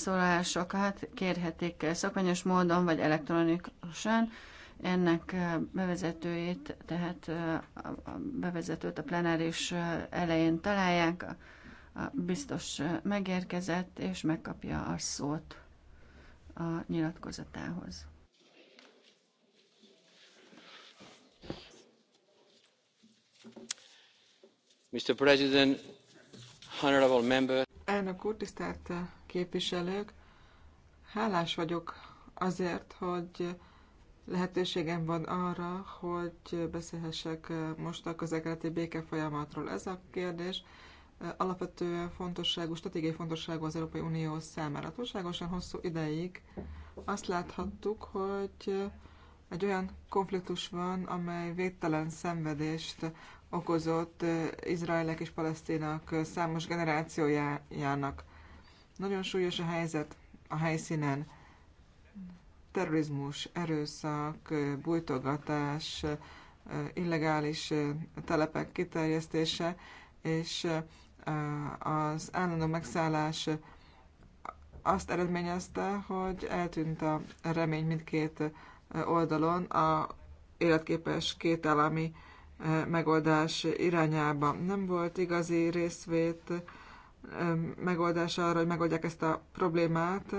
szólásokat kérhetik szakmányos módon vagy elektronikusan. Ennek bevezetőjét, tehát a bevezetőt a plenáris elején találják, a biztos megérkezett és megkapja a szót a nyilatkozatához. Mr. President, honorable member. Elnök úr, tisztelt képviselők. Hálás vagyok azért, hogy lehetőségem van arra, hogy beszélhessek most a közelkeleti béke folyamatról. Ez a kérdés alapvetően fontosságú, stratégiai fontosságú az Európai Unió számára. Túlságosan hosszú ideig azt láthattuk, hogy egy olyan konfliktus van, amely végtelen szenvedést okozott Izraelek és Palesztinak számos generációjának. Nagyon súlyos a helyzet a helyszínen. Terrorizmus, erőszak, bújtogatás, illegális telepek kiterjesztése, és az állandó megszállás azt eredményezte, hogy eltűnt a remény mindkét oldalon a életképes két állami megoldás irányába. Nem volt igazi részvét megoldása arra, hogy megoldják ezt a problémát.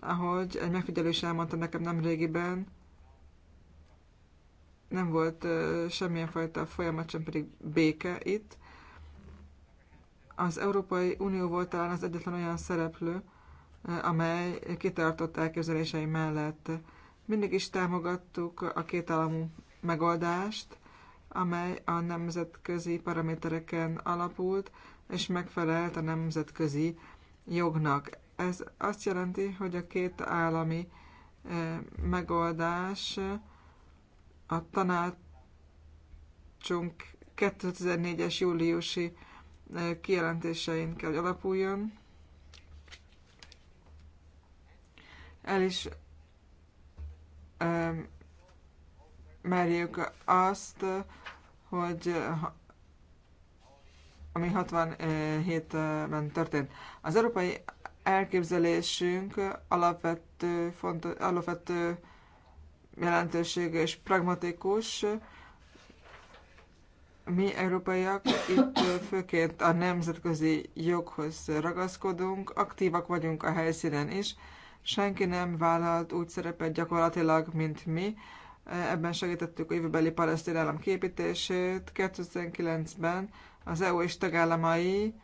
Ahogy egy megfigyelő is elmondta nekem nem régiben, nem volt semmilyen fajta folyamat, sem pedig béke itt. Az Európai Unió volt talán az egyetlen olyan szereplő, amely kitartott elképzelései mellett. Mindig is támogattuk a két államú megoldást, amely a nemzetközi paramétereken alapult, és megfelelt a nemzetközi jognak. Ez azt jelenti, hogy a két állami eh, megoldás a tanácsunk 2004-es júliusi eh, kijelentésein kell, hogy alapuljon. El is eh, merjük azt, hogy ami 67-ben történt. Az európai elképzelésünk alapvető, font alapvető jelentőség és pragmatikus. Mi európaiak itt főként a nemzetközi joghoz ragaszkodunk, aktívak vagyunk a helyszínen is. Senki nem vállalt úgy szerepet gyakorlatilag, mint mi. Ebben segítettük a jövőbeli palesztin állam képítését. 2009-ben az EU és tagállamai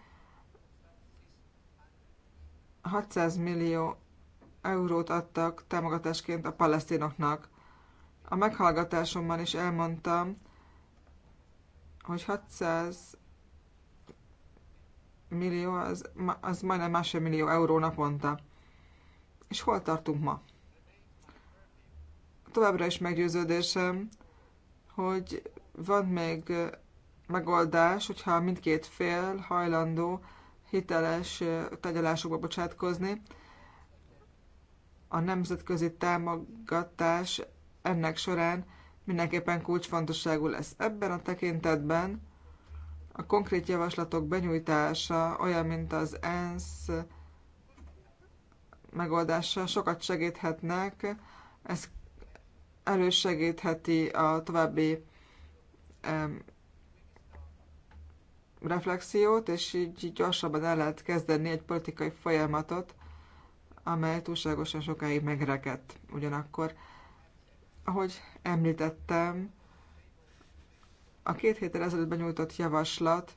600 millió eurót adtak támogatásként a palesztinoknak. A meghallgatásomban is elmondtam, hogy 600 millió, az, az majdnem másfél millió euró naponta. És hol tartunk ma? Továbbra is meggyőződésem, hogy van még megoldás, hogyha mindkét fél hajlandó hiteles tegyelásokba bocsátkozni. A nemzetközi támogatás ennek során mindenképpen kulcsfontosságú lesz. Ebben a tekintetben a konkrét javaslatok benyújtása, olyan, mint az ENSZ megoldása, sokat segíthetnek. Ez elősegítheti a további reflexiót, és így gyorsabban el lehet kezdeni egy politikai folyamatot, amely túlságosan sokáig megrekedt. Ugyanakkor, ahogy említettem, a két héttel ezelőtt benyújtott javaslat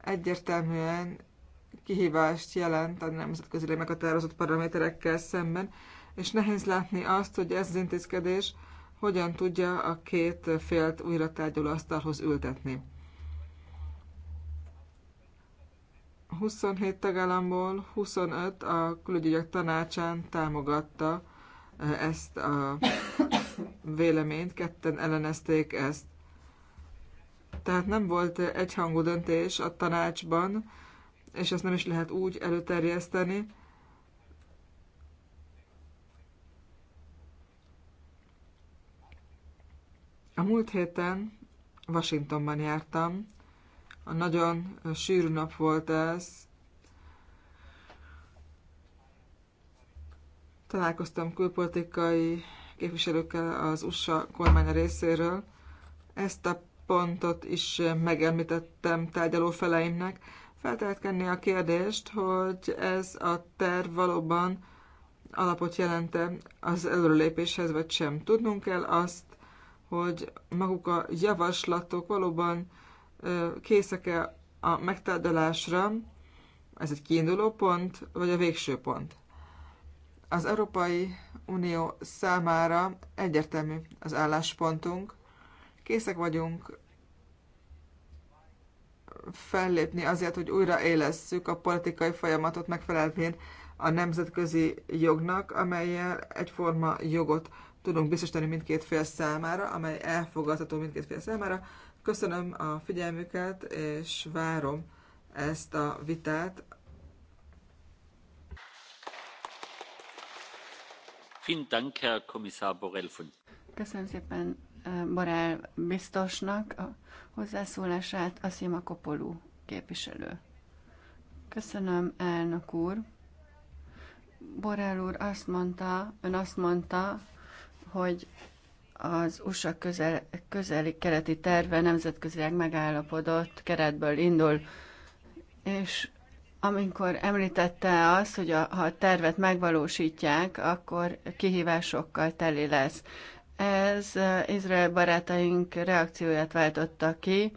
egyértelműen kihívást jelent a nemzetközileg meghatározott paraméterekkel szemben, és nehéz látni azt, hogy ez az intézkedés hogyan tudja a két félt újra tárgyaló asztalhoz ültetni. 27 tagállamból 25 a külügyügyek tanácsán támogatta eh, ezt a véleményt, ketten ellenezték ezt. Tehát nem volt egyhangú döntés a tanácsban, és ezt nem is lehet úgy előterjeszteni, A múlt héten Washingtonban jártam, a Nagyon sűrű nap volt ez. Találkoztam külpolitikai képviselőkkel az USA kormány részéről. Ezt a pontot is megemlítettem tárgyaló feleimnek. Feltehetkenni a kérdést, hogy ez a terv valóban alapot jelente az előrelépéshez, vagy sem. Tudnunk kell azt, hogy maguk a javaslatok valóban készek-e a megtárgyalásra, ez egy kiinduló pont, vagy a végső pont. Az Európai Unió számára egyértelmű az álláspontunk, készek vagyunk fellépni azért, hogy újra élesszük a politikai folyamatot megfelelvén a nemzetközi jognak, amelyel egyforma jogot tudunk biztosítani mindkét fél számára, amely elfogadható mindkét fél számára, Köszönöm a figyelmüket, és várom ezt a vitát. Köszönöm szépen eh, Borel biztosnak a hozzászólását, a Szima Kopolú képviselő. Köszönöm, elnök úr. Borel úr azt mondta, ön azt mondta, hogy az USA közel, közeli keleti terve nemzetközileg megállapodott keretből indul, és amikor említette azt, hogy a, ha a tervet megvalósítják, akkor kihívásokkal teli lesz. Ez Izrael barátaink reakcióját váltotta ki,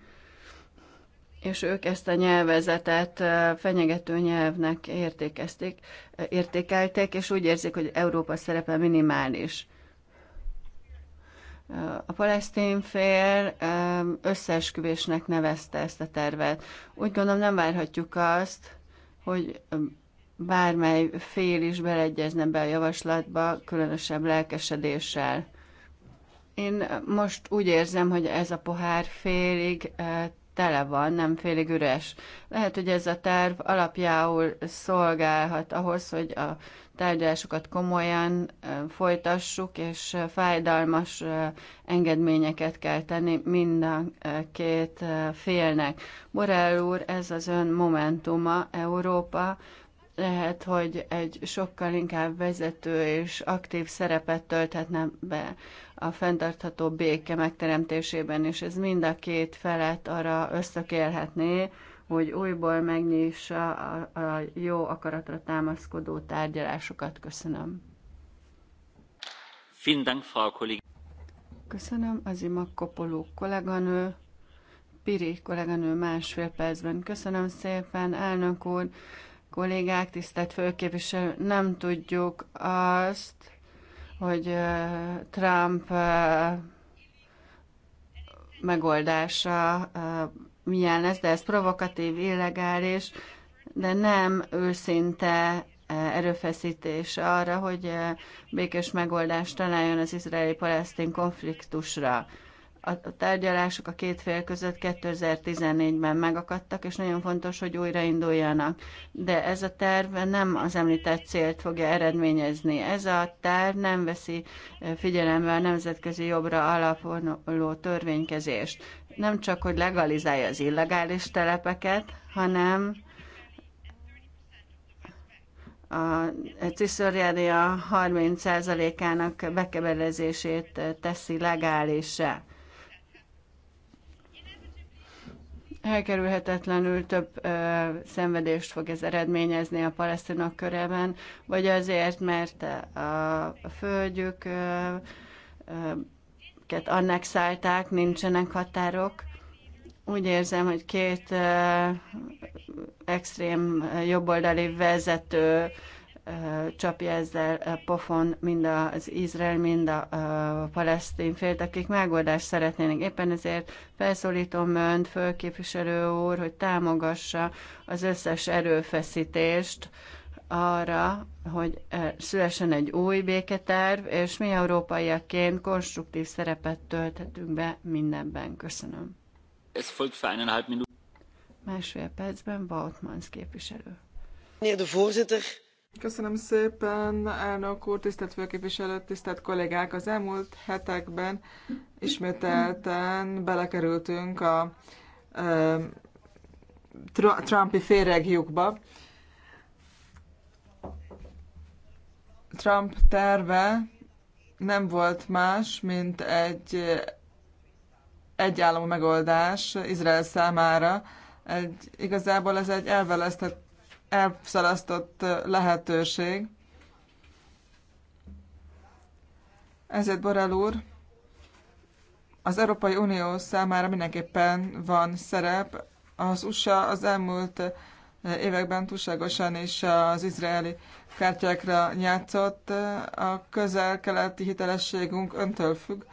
és ők ezt a nyelvezetet fenyegető nyelvnek értékezték, értékelték, és úgy érzik, hogy Európa szerepe minimális. A palesztin fél összeesküvésnek nevezte ezt a tervet. Úgy gondolom nem várhatjuk azt, hogy bármely fél is beleegyezne be a javaslatba, különösebb lelkesedéssel. Én most úgy érzem, hogy ez a pohár félig eh, tele van, nem félig üres. Lehet, hogy ez a terv alapjául szolgálhat ahhoz, hogy a tárgyalásokat komolyan folytassuk, és fájdalmas engedményeket kell tenni mind a két félnek. Borrell úr, ez az ön momentuma, Európa, lehet, hogy egy sokkal inkább vezető és aktív szerepet tölthetne be a fenntartható béke megteremtésében, és ez mind a két felet arra összökélhetné, hogy újból megnyissa a, a jó akaratra támaszkodó tárgyalásokat. Köszönöm. Köszönöm, ima Kopoló kolléganő, Piri kolléganő másfél percben. Köszönöm szépen, elnök úr, kollégák, tisztelt főképviselő, nem tudjuk azt, hogy uh, Trump uh, megoldása uh, milyen lesz, de ez provokatív, illegális, de nem őszinte eh, erőfeszítés arra, hogy eh, békés megoldást találjon az izraeli-palesztin konfliktusra a tárgyalások a két fél között 2014-ben megakadtak, és nagyon fontos, hogy újrainduljanak. De ez a terv nem az említett célt fogja eredményezni. Ez a terv nem veszi eh, figyelembe a nemzetközi jobbra alapuló törvénykezést. Nem csak, hogy legalizálja az illegális telepeket, hanem a Cisztoriádia 30%-ának bekebelezését teszi legálisra. elkerülhetetlenül több ö, szenvedést fog ez eredményezni a palesztinok körében, vagy azért, mert a földjük ö, ö, annexálták, nincsenek határok. Úgy érzem, hogy két ö, extrém jobboldali vezető csapja ezzel pofon mind az Izrael, mind a, a palesztin félt, akik megoldást szeretnének. Éppen ezért felszólítom önt, fölképviselő úr, hogy támogassa az összes erőfeszítést arra, hogy e, szülessen egy új béketerv, és mi európaiaként konstruktív szerepet tölthetünk be mindenben. Köszönöm. Ez volt für eineinhalb Minuten. Másfél percben Bautmans képviselő. Meneer de voorzitter, Köszönöm szépen, elnök úr, tisztelt főképviselő, tisztelt kollégák! Az elmúlt hetekben ismételten belekerültünk a e, Trumpi féregjukba. Trump terve nem volt más, mint egy egyállamú megoldás Izrael számára. Egy, igazából ez egy elvelesztett elszalasztott lehetőség. Ezért Borrell úr, az Európai Unió számára mindenképpen van szerep. Az USA az elmúlt eh, években túlságosan is az izraeli kártyákra játszott. A közel-keleti hitelességünk öntől függ,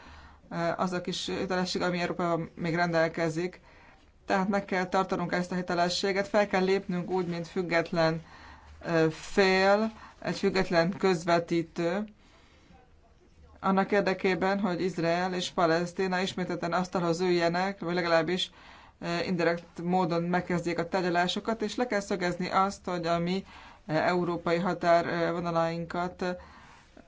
eh, az a kis hitelesség, ami Európában még rendelkezik. Tehát meg kell tartanunk ezt a hitelességet, fel kell lépnünk úgy, mint független fél, egy független közvetítő, annak érdekében, hogy Izrael és Palesztina ismételten asztalhoz üljenek, vagy legalábbis indirekt módon megkezdjék a tárgyalásokat, és le kell szögezni azt, hogy a mi európai határvonalainkat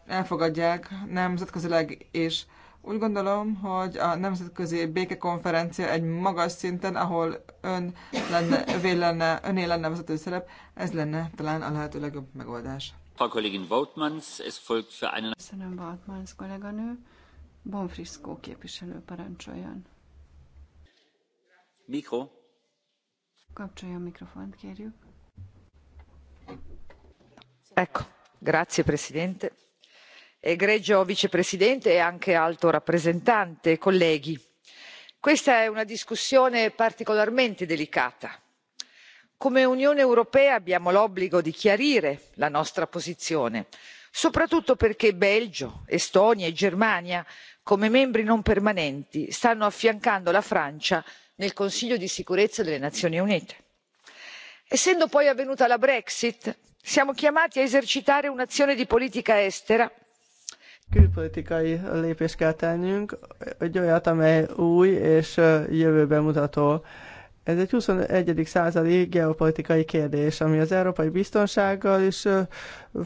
elfogadják nemzetközileg és úgy gondolom, hogy a Nemzetközi Békekonferencia egy magas szinten, ahol ön lenne, övé lenne, öné lenne vezető szerep, ez lenne talán a lehető legjobb megoldás. Frau Kollegin Wautmans, es folgt für einen... Köszönöm, Wautmans kolléganő. Bonfriszkó képviselő parancsoljon. Mikro. Kapcsolja a mikrofont, kérjük. Ecco. Grazie, Presidente egregio vicepresidente e anche alto rappresentante colleghi questa è una discussione particolarmente delicata. come unione europea abbiamo l'obbligo di chiarire la nostra posizione soprattutto perché belgio estonia e germania come membri non permanenti stanno affiancando la francia nel consiglio di sicurezza delle nazioni unite. essendo poi avvenuta la brexit siamo chiamati a esercitare un'azione di politica estera külpolitikai lépést kell tennünk, egy olyat, amely új és jövőben mutató. Ez egy 21. századi geopolitikai kérdés, ami az európai biztonsággal is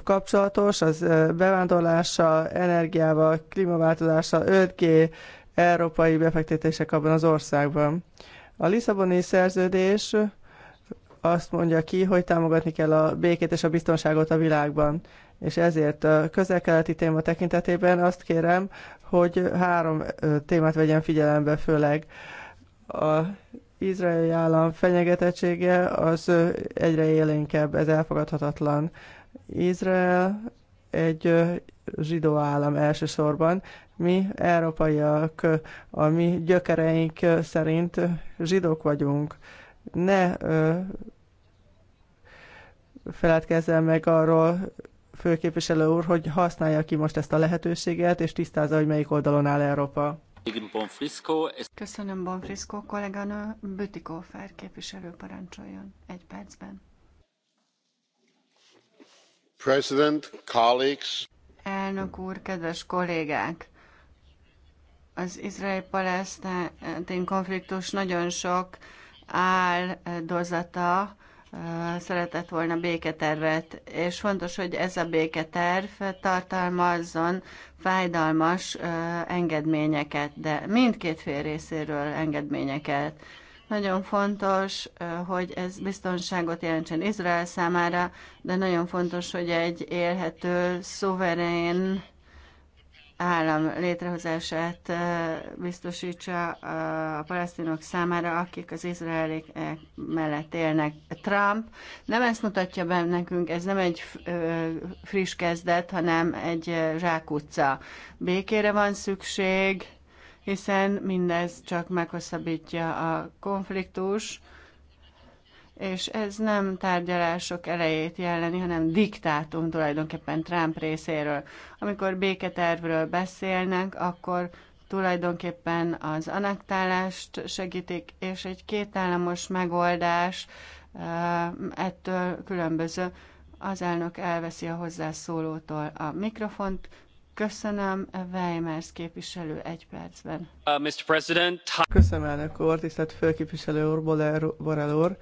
kapcsolatos, az bevándorlással, energiával, klímaváltozással, 5G, európai befektetések abban az országban. A Lisszaboni szerződés azt mondja ki, hogy támogatni kell a békét és a biztonságot a világban és ezért a közel-keleti téma tekintetében azt kérem, hogy három témát vegyen figyelembe, főleg a izraeli állam fenyegetettsége az egyre élénkebb, ez elfogadhatatlan. Izrael egy zsidó állam elsősorban. Mi, európaiak, a mi gyökereink szerint zsidók vagyunk. Ne feledkezzen meg arról főképviselő úr, hogy használja ki most ezt a lehetőséget, és tisztázza, hogy melyik oldalon áll Európa. Köszönöm, Bonfrisco kolléganő. Bütikófer képviselő parancsoljon egy percben. President, colleagues. Elnök úr, kedves kollégák! Az izrael-palesztin konfliktus nagyon sok áldozata, szeretett volna béketervet, és fontos, hogy ez a béketerv tartalmazzon fájdalmas engedményeket, de mindkét fél részéről engedményeket. Nagyon fontos, hogy ez biztonságot jelentsen Izrael számára, de nagyon fontos, hogy egy élhető, szuverén állam létrehozását biztosítsa a palesztinok számára, akik az izraelik e, mellett élnek. Trump nem ezt mutatja be nekünk, ez nem egy friss kezdet, hanem egy zsákutca. Békére van szükség, hiszen mindez csak meghosszabbítja a konfliktus, és ez nem tárgyalások elejét jelenti, hanem diktátum tulajdonképpen Trump részéről. Amikor béketervről beszélnek, akkor tulajdonképpen az anaktálást segítik, és egy kétállamos megoldás ettől különböző. Az elnök elveszi a hozzászólótól a mikrofont. Köszönöm, Weimers képviselő egy percben. Uh, Mr. President. Köszönöm, elnök úr, tisztelt főképviselő úr, Borrell úr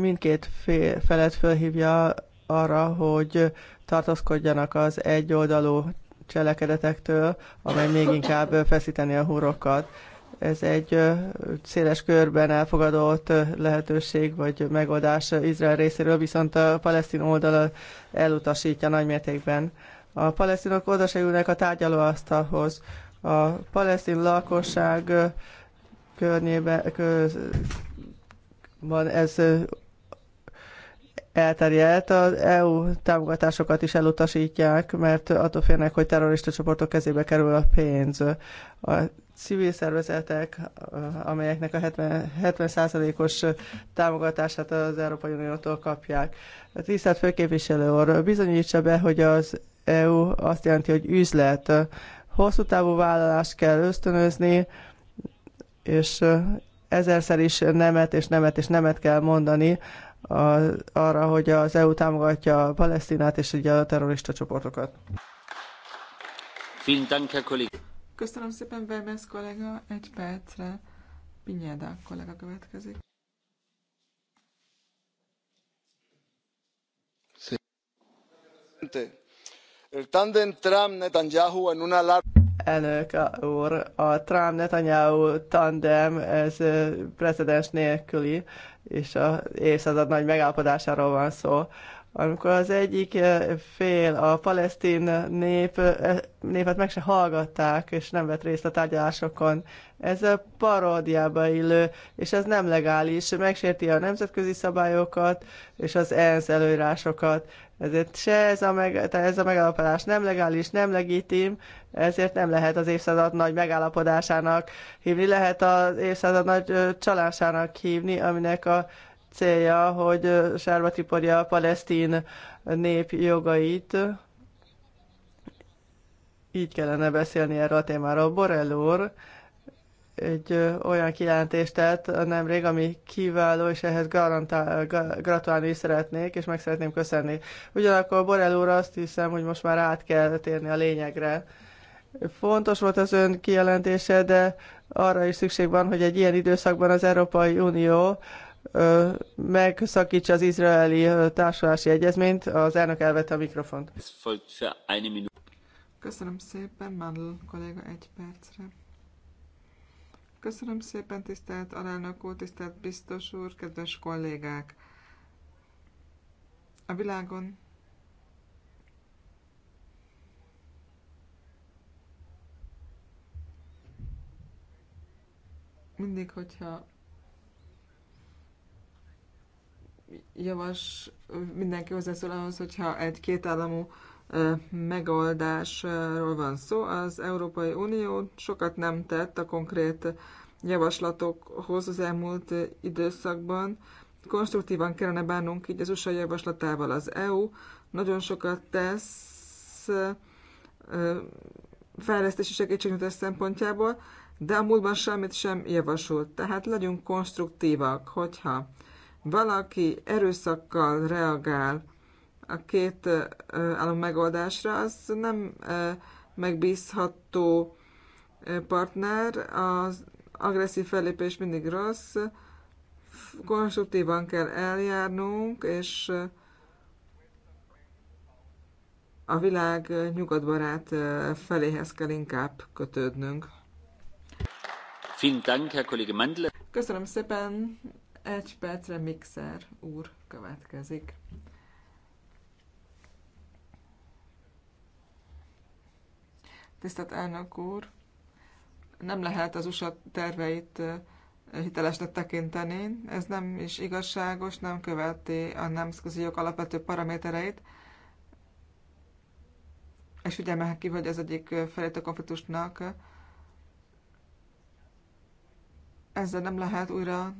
mindkét fél, felet felhívja arra, hogy tartózkodjanak az egyoldalú cselekedetektől, amely még inkább feszíteni a hurokat. Ez egy széles körben elfogadott lehetőség vagy megoldás Izrael részéről, viszont a palesztin oldal elutasítja nagymértékben. A palesztinok oldalságúnak a tárgyalóasztalhoz. A palesztin lakosság környébe, van ez elterjedt, az EU támogatásokat is elutasítják, mert attól félnek, hogy terrorista csoportok kezébe kerül a pénz. A civil szervezetek, amelyeknek a 70%-os 70 támogatását az Európai Uniótól kapják. tisztelt főképviselő úr, bizonyítsa be, hogy az EU azt jelenti, hogy üzlet. Hosszú távú vállalást kell ösztönözni, és ezerszer is nemet és nemet és nemet kell mondani a, arra, hogy az EU támogatja a Palesztinát és ugye a terrorista csoportokat. Köszönöm szépen, Vermes kollega, egy percre. Pinyeda kollega következik. El tándem Trump-Netanyahu en una larga elnök úr, a Trump Netanyahu tandem, ez precedens nélküli, és az évszázad nagy megállapodásáról van szó. Amikor az egyik fél, a palesztin nép, e, népet meg se hallgatták, és nem vett részt a tárgyalásokon, ez a paródiába illő, és ez nem legális, megsérti a nemzetközi szabályokat, és az ENSZ előírásokat. Ezért se ez a, meg, ez a megállapodás nem legális, nem legitim, ezért nem lehet az évszázad nagy megállapodásának hívni, lehet az évszázad nagy csalásának hívni, aminek a célja, hogy sárba tiporja a palesztin nép jogait. Így kellene beszélni erről a témáról. Borrell úr, egy olyan kijelentést tett nemrég, ami kiváló, és ehhez garantál, gratulálni is szeretnék, és meg szeretném köszönni. Ugyanakkor Borel úr azt hiszem, hogy most már át kell térni a lényegre. Fontos volt az ön kijelentése, de arra is szükség van, hogy egy ilyen időszakban az Európai Unió megszakítsa az izraeli társulási egyezményt. Az elnök elvette a mikrofont. Köszönöm szépen, Mandl kolléga, egy percre. Köszönöm szépen, tisztelt alelnök úr, tisztelt biztos úr, kedves kollégák! A világon mindig, hogyha javas, mindenki hozzászól ahhoz, hogyha egy két államú megoldásról van szó. Az Európai Unió sokat nem tett a konkrét javaslatokhoz az elmúlt időszakban. Konstruktívan kellene bánnunk így az USA javaslatával. Az EU nagyon sokat tesz fejlesztési segítségnyújtás szempontjából, de a múltban semmit sem javasolt. Tehát legyünk konstruktívak, hogyha valaki erőszakkal reagál a két állam megoldásra, az nem megbízható partner, az agresszív fellépés mindig rossz, konstruktívan kell eljárnunk, és a világ nyugatbarát feléhez kell inkább kötődnünk. Köszönöm szépen, egy percre Mixer úr következik. Tisztelt elnök úr, nem lehet az USA terveit hitelesnek tekinteni. Ez nem is igazságos, nem követi a nemzetközi jog alapvető paramétereit. És ugye mehet ki, hogy az egyik felét a konfliktusnak ezzel nem lehet újra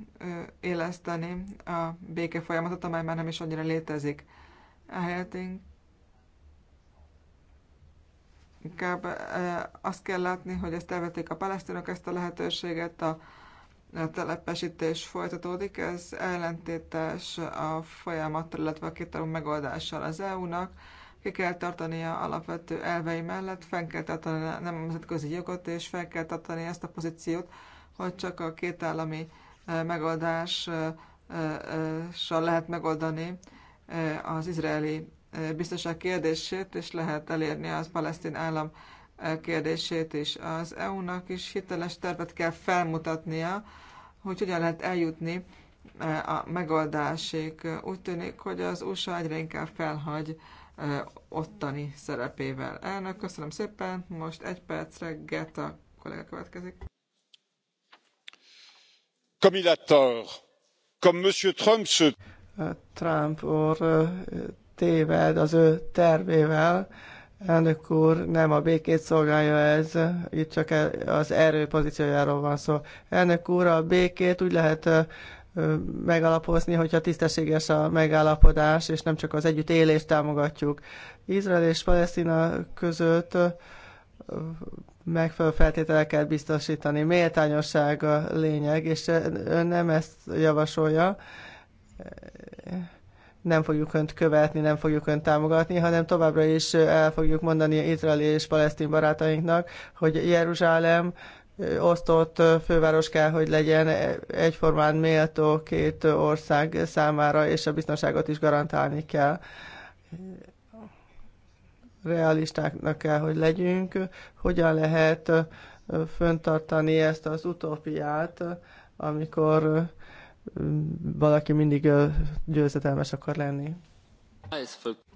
éleszteni a béke folyamatot, amely már nem is annyira létezik. Ehelyett Inkább azt kell látni, hogy ezt elvették a palesztinok, ezt a lehetőséget a a telepesítés folytatódik, ez ellentétes a folyamattal, illetve a kétalú megoldással az EU-nak. Ki kell tartania alapvető elvei mellett, fel kell tartani a nemzetközi jogot, és fel kell tartani ezt a pozíciót, hogy csak a két állami megoldással lehet megoldani az izraeli biztonság kérdését, és lehet elérni az palesztin állam eh, kérdését is. Az EU-nak is hiteles tervet kell felmutatnia, hogy hogyan lehet eljutni eh, a megoldásig. Úgy tűnik, hogy az USA egyre inkább felhagy eh, ottani szerepével. Elnök, köszönöm szépen, most egy percre Geta kollega következik. Comme il a tort, comme Monsieur Trump se... Trump téved az ő tervével. Elnök úr, nem a békét szolgálja ez, itt csak e- az erő pozíciójáról van szó. Elnök úr, a békét úgy lehet megalapozni, hogyha tisztességes a megállapodás, és nem csak az együtt élést támogatjuk. Izrael és Palesztina között megfelelő feltételeket biztosítani. Méltányosság a lényeg, és ön nem ezt javasolja nem fogjuk önt követni, nem fogjuk önt támogatni, hanem továbbra is el fogjuk mondani Izrael és palesztin barátainknak, hogy Jeruzsálem osztott főváros kell, hogy legyen e, egyformán méltó két ország számára, és a biztonságot is garantálni kell. Realistáknak kell, hogy legyünk. Hogyan lehet föntartani ezt az utópiát, amikor valaki mindig győzetelmes akar lenni.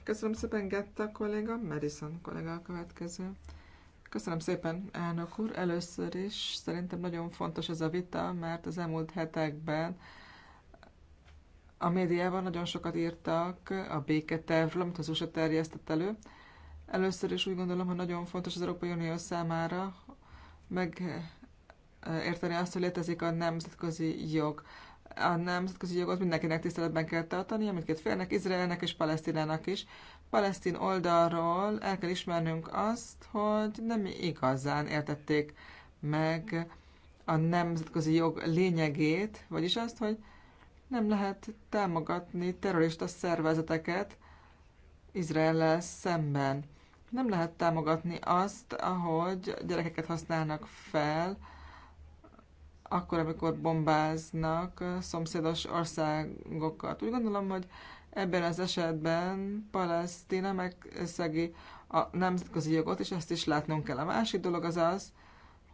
Köszönöm szépen, Getta kolléga, Madison kolléga a következő. Köszönöm szépen, elnök úr. Először is szerintem nagyon fontos ez a vita, mert az elmúlt hetekben a médiában nagyon sokat írtak a béketervről, amit az USA terjesztett elő. Először is úgy gondolom, hogy nagyon fontos az Európai Unió számára megérteni azt, hogy létezik a nemzetközi jog a nemzetközi jogot mindenkinek tiszteletben kell tartani, amit két félnek, Izraelnek és Palesztinának is. Palesztin oldalról el kell ismernünk azt, hogy nem igazán értették meg a nemzetközi jog lényegét, vagyis azt, hogy nem lehet támogatni terrorista szervezeteket izrael szemben. Nem lehet támogatni azt, ahogy gyerekeket használnak fel, akkor, amikor bombáznak szomszédos országokat. Úgy gondolom, hogy ebben az esetben Palesztina megszegi a nemzetközi jogot, és ezt is látnunk kell. A másik dolog az az,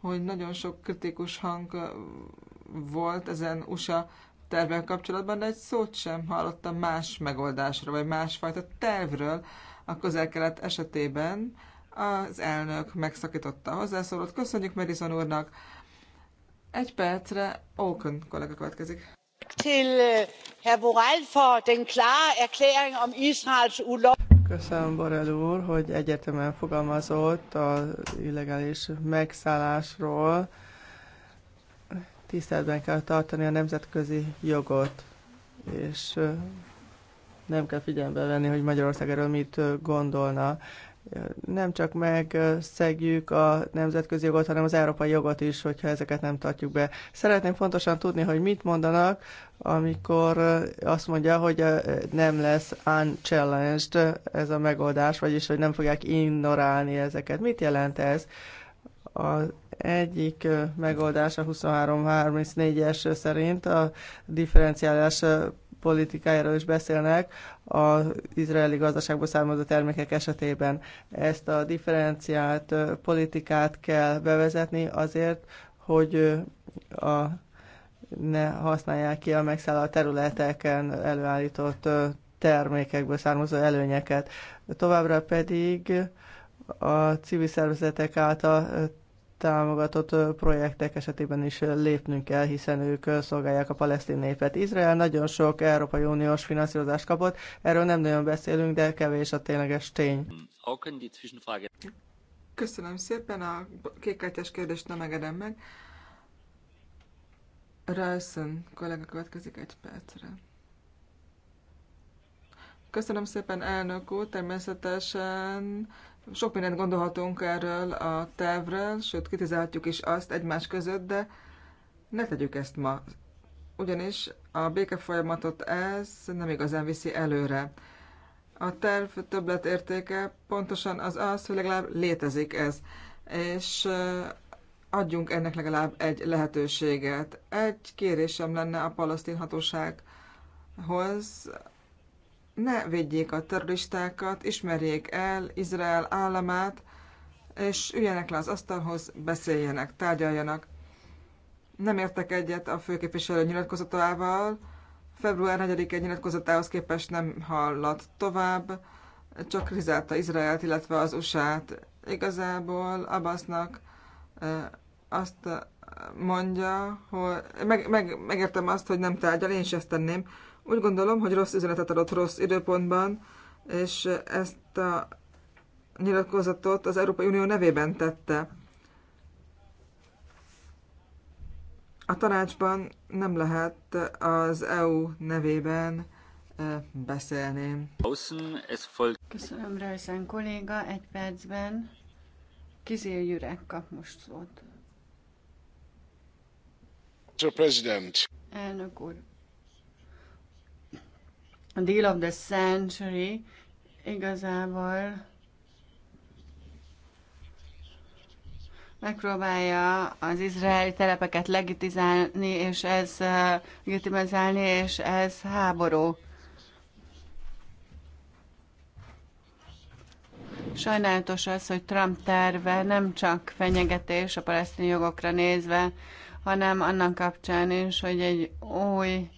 hogy nagyon sok kritikus hang volt ezen USA tervvel kapcsolatban, de egy szót sem hallottam más megoldásra vagy másfajta tervről a közel-kelet esetében. Az elnök megszakította a hozzászólót. Köszönjük Madison úrnak egy percre Oaken kollega következik. Til eh, Herr Borrell for den klare erklæring om Israels Köszönöm, Borrell úr, hogy egyértelműen fogalmazott az illegális megszállásról. Tiszteletben kell tartani a nemzetközi jogot, és eh, nem kell figyelembe venni, hogy Magyarország erről mit eh, gondolna nem csak megszegjük a nemzetközi jogot, hanem az európai jogot is, hogyha ezeket nem tartjuk be. Szeretném fontosan tudni, hogy mit mondanak, amikor azt mondja, hogy eh, nem lesz unchallenged ez a megoldás, vagyis hogy nem fogják ignorálni ezeket. Mit jelent ez? Az egyik eh, megoldás a 34 es szerint a differenciálás eh, politikájáról is beszélnek az izraeli gazdaságból származó termékek esetében. Ezt a differenciált politikát kell bevezetni azért, hogy a, ne használják ki a megszállott területeken előállított termékekből származó előnyeket. Továbbra pedig a civil szervezetek által támogatott projektek esetében is lépnünk kell, hiszen ők szolgálják a palesztin népet. Izrael nagyon sok Európai Uniós finanszírozást kapott, erről nem nagyon beszélünk, de kevés a tényleges tény. Köszönöm szépen, a kékkártyás kérdést nem engedem meg. Rajszon kollega következik egy percre. Köszönöm szépen, elnök úr, természetesen sok mindent gondolhatunk erről a tervről, sőt, kitizálhatjuk is azt egymás között, de ne tegyük ezt ma. Ugyanis a béke folyamatot ez nem igazán viszi előre. A terv többletértéke pontosan az az, hogy legalább létezik ez, és adjunk ennek legalább egy lehetőséget. Egy kérésem lenne a palasztin hatósághoz, ne védjék a terroristákat, ismerjék el Izrael államát, és üljenek le az asztalhoz, beszéljenek, tárgyaljanak. Nem értek egyet a főképviselő nyilatkozatával, február 4-e nyilatkozatához képest nem hallat tovább, csak krizálta Izraelt, illetve az USA-t. Igazából Abbasnak azt mondja, hogy meg, meg, megértem azt, hogy nem tárgyal, én is ezt tenném, úgy gondolom, hogy rossz üzenetet adott rossz időpontban, és ezt a nyilatkozatot az Európai Unió nevében tette. A tanácsban nem lehet az EU nevében beszélni. Köszönöm, Rajszán kolléga, egy percben. Kizél Jürek kap most szót. Elnök úr, a Deal of the Century igazából megpróbálja az izraeli telepeket legitizálni, és ez uh, legitimizálni, és ez háború. Sajnálatos az, hogy Trump terve nem csak fenyegetés a palesztin jogokra nézve, hanem annak kapcsán is, hogy egy új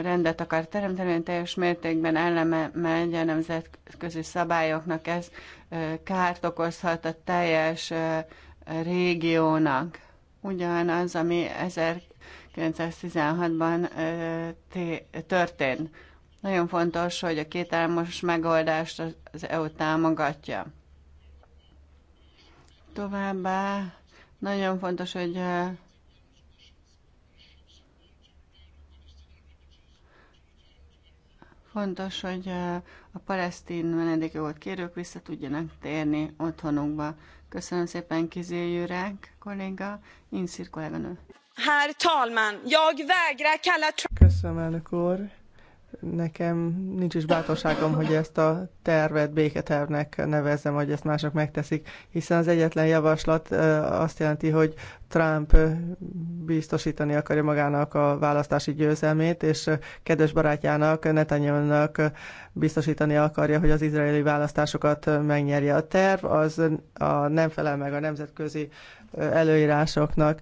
rendet akar teremteni, hogy teljes mértékben elleme megy a nemzetközi szabályoknak, ez kárt okozhat a teljes régiónak. Ugyanaz, ami 1916-ban történt. Nagyon fontos, hogy a két államos megoldást az EU támogatja. Továbbá nagyon fontos, hogy Fontos, hogy a palesztin menedékjogot kérők vissza tudjanak térni otthonukba. Köszönöm szépen Kizé Jürek kolléga, Inszir kolléganő. Herr talman, jag vägrar kalla... Köszönöm, elnök úr. Nekem nincs is bátorságom, hogy ezt a tervet béketervnek nevezzem, hogy ezt mások megteszik, hiszen az egyetlen javaslat azt jelenti, hogy Trump biztosítani akarja magának a választási győzelmét, és kedves barátjának, Netanyahu-nak biztosítani akarja, hogy az izraeli választásokat megnyerje. A terv az a nem felel meg a nemzetközi előírásoknak.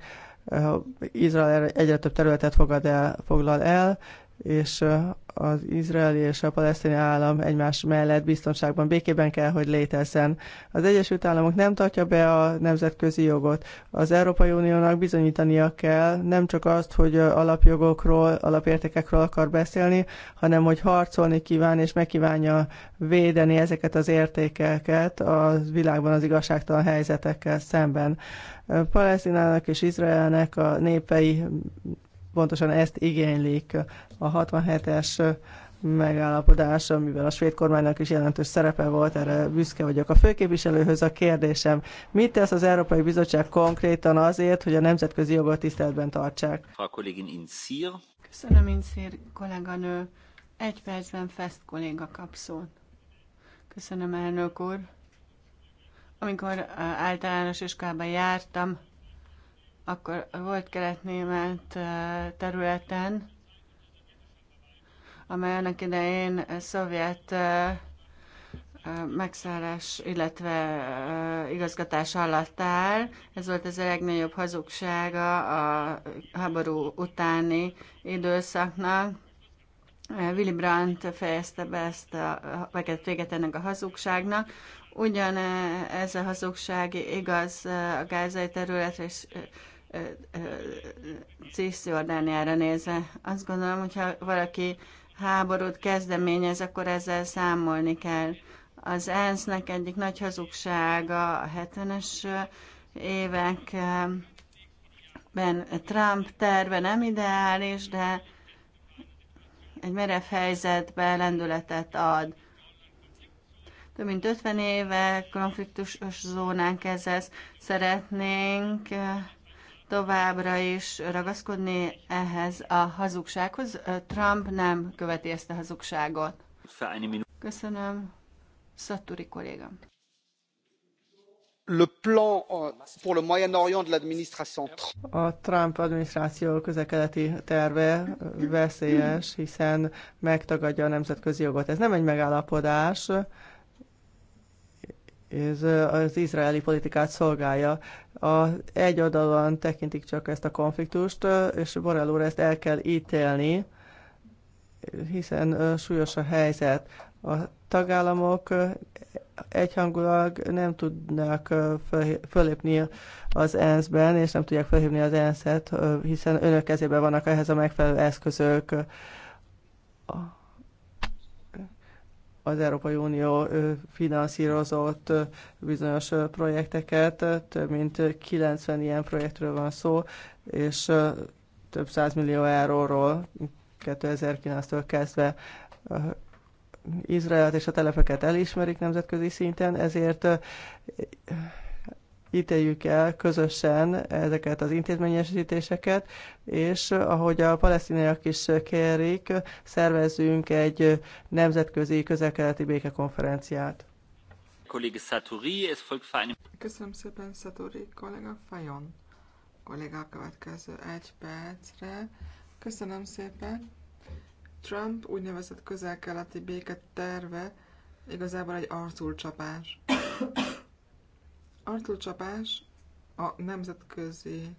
Izrael egyre több területet fogad el, foglal el, és az izraeli és a palesztin állam egymás mellett biztonságban, békében kell, hogy létezzen. Az Egyesült Államok nem tartja be a nemzetközi jogot. Az Európai Uniónak bizonyítania kell nem csak azt, hogy alapjogokról, alapértékekről akar beszélni, hanem hogy harcolni kíván és megkívánja védeni ezeket az értékeket a világban az igazságtalan helyzetekkel szemben. Palesztinának és Izraelnek a népei pontosan ezt igénylik. A 67-es megállapodás, amivel a svéd kormánynak is jelentős szerepe volt, erre büszke vagyok. A főképviselőhöz a kérdésem, mit tesz az Európai Bizottság konkrétan azért, hogy a nemzetközi jogot tiszteletben tartsák? A kollégin Insir. Köszönöm, Insir kolléganő. Egy percben Fest kolléga kap szót. Köszönöm, elnök úr. Amikor általános iskolában jártam, akkor volt kelet-német területen, amely annak idején szovjet megszállás, illetve igazgatás alatt áll. Ez volt az a legnagyobb hazugsága a háború utáni időszaknak. Willy Brandt fejezte be ezt a, vagy hát véget ennek a hazugságnak. Ugyan ez a hazugság igaz a gázai területre és Cisziordániára nézve. Azt gondolom, hogyha valaki háborút kezdeményez, akkor ezzel számolni kell. Az ENSZ-nek egyik nagy hazugsága a 70-es években Trump terve nem ideális, de egy merev helyzetben lendületet ad. Több mint 50 éve konfliktusos zónán kezdesz. Szeretnénk továbbra is ragaszkodni ehhez a hazugsághoz. Trump nem követi ezt a hazugságot. Köszönöm. Szatturi kolléga. Le plan euh, pour le Moyen-Orient de l'administration A Trump adminisztráció közelkeleti terve veszélyes, hiszen megtagadja a nemzetközi jogot. Ez nem egy megállapodás, ez az izraeli politikát szolgálja. A, egy oldalon tekintik csak ezt a konfliktust, és Borrell úr ezt el kell ítélni, hiszen súlyos a helyzet. A tagállamok egyhangulag nem tudnak fölépni az ENSZ-ben, és nem tudják felhívni az ENSZ-et, hiszen önök kezében vannak ehhez a megfelelő eszközök az Európai Unió finanszírozott bizonyos projekteket, több mint 90 ilyen projektről van szó, és több millió euróról 2009-től kezdve Izraelt és a telepeket elismerik nemzetközi szinten, ezért ítéljük el közösen ezeket az intézményesítéseket, és ahogy a palesztinaiak is kérik, szervezünk egy nemzetközi közelkeleti békekonferenciát. Köszönöm szépen, Szatúri kollega Fajon. Kollega következő egy percre. Köszönöm szépen. Trump úgynevezett közel-keleti béketerve igazából egy arculcsapás. Arculcsapás a nemzetközi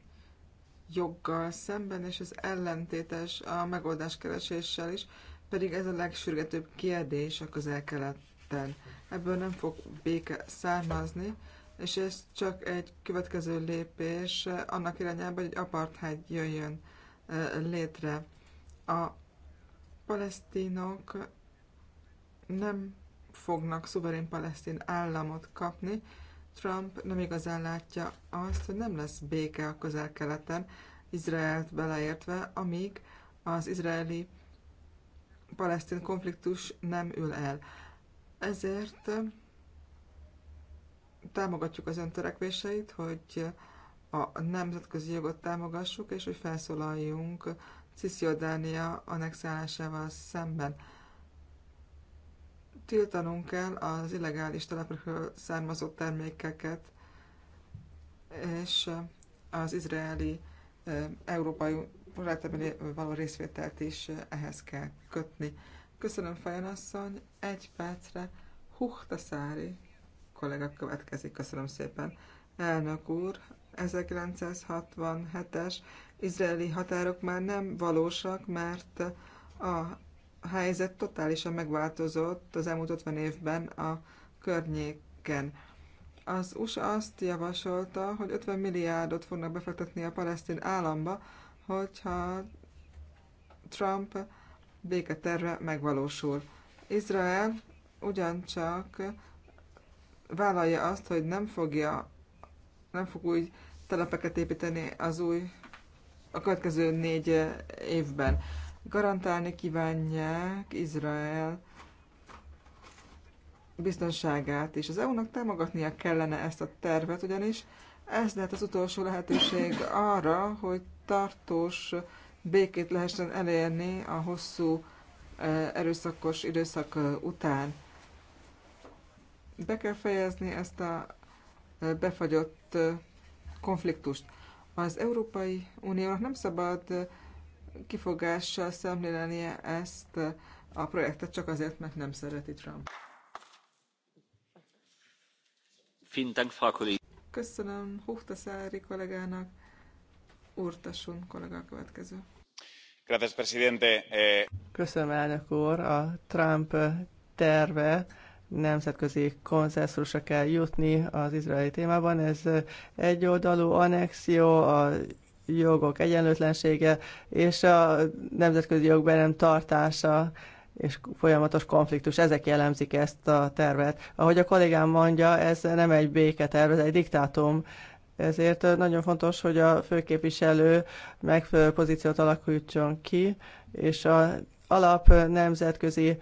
joggal szemben, és az ellentétes a megoldáskereséssel is, pedig ez a legsürgetőbb kérdés a közel-keleten. Ebből nem fog béke származni, és ez csak egy következő lépés annak irányába, hogy egy apartheid jöjjön létre. A palesztinok nem fognak szuverén palesztin államot kapni, Trump nem igazán látja azt, hogy nem lesz béke a közel-keleten, Izraelt beleértve, amíg az izraeli palesztin konfliktus nem ül el. Ezért támogatjuk az ön törekvéseit, hogy a nemzetközi jogot támogassuk, és hogy felszólaljunk Cisziordánia annexálásával szemben tiltanunk kell az illegális telepekről származó termékeket, és az izraeli európai projektben való részvételt is ehhez kell kötni. Köszönöm, Fajon asszony. Egy percre Szári kollega következik. Köszönöm szépen. Elnök úr, 1967-es izraeli határok már nem valósak, mert a helyzet totálisan megváltozott az elmúlt 50 évben a környéken. Az USA azt javasolta, hogy 50 milliárdot fognak befektetni a palesztin államba, hogyha Trump béketerve megvalósul. Izrael ugyancsak vállalja azt, hogy nem fogja, nem fog új telepeket építeni az új, a következő négy évben garantálni kívánják Izrael biztonságát és Az EU-nak támogatnia kellene ezt a tervet, ugyanis ez lehet az utolsó lehetőség arra, hogy tartós békét lehessen elérni a hosszú eh, erőszakos időszak eh, után. Be kell fejezni ezt a eh, befagyott konfliktust. Az Európai Uniónak nem szabad kifogással szemlélenie ezt a projektet csak azért, mert nem szereti Trump. Köszönöm Szári kollégának, Urtasun kollega a következő. Eh, Köszönöm, elnök úr. A Trump terve nemzetközi konszenzusra kell jutni az izraeli témában. Ez egyoldalú annexió, a jogok egyenlőtlensége és a nemzetközi jog nem tartása és folyamatos konfliktus, ezek jellemzik ezt a tervet. Ahogy a kollégám mondja, ez nem egy béketerv, ez egy diktátum. Ezért nagyon fontos, hogy a főképviselő megfelelő pozíciót alakítson ki, és a alap nemzetközi uh,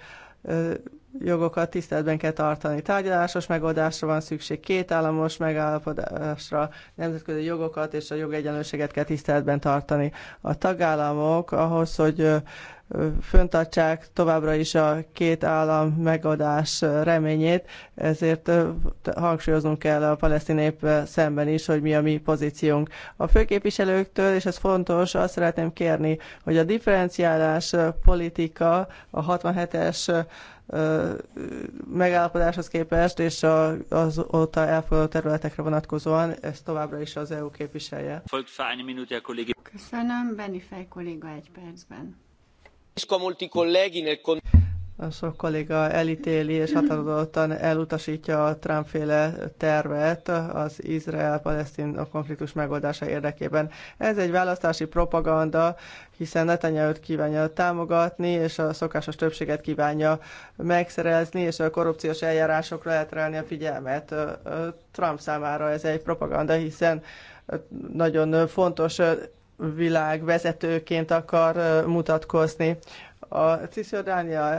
jogokat tiszteletben kell tartani. Tárgyalásos megoldásra van szükség, két államos megállapodásra, nemzetközi jogokat és a jogegyenlőséget kell tiszteletben tartani. A tagállamok ahhoz, hogy föntartsák továbbra is a két állam megadás reményét, ezért hangsúlyoznunk kell a palesztin nép szemben is, hogy mi a mi pozíciónk. A főképviselőktől, és ez fontos, azt szeretném kérni, hogy a differenciálás politika a 67-es megállapodáshoz képest, és az óta elfoglalt területekre vonatkozóan ezt továbbra is az EU képviselje. Köszönöm, Benifej kolléga egy percben. Sok kolléga elítéli és határozottan elutasítja a Trump-féle tervet az Izrael-Palesztin konfliktus megoldása érdekében. Ez egy választási propaganda, hiszen netanyahu kívánja támogatni, és a szokásos többséget kívánja megszerezni, és a korrupciós eljárásokra elterelni a figyelmet. Trump számára ez egy propaganda, hiszen nagyon fontos világ vezetőként akar mutatkozni. A Cisjordánia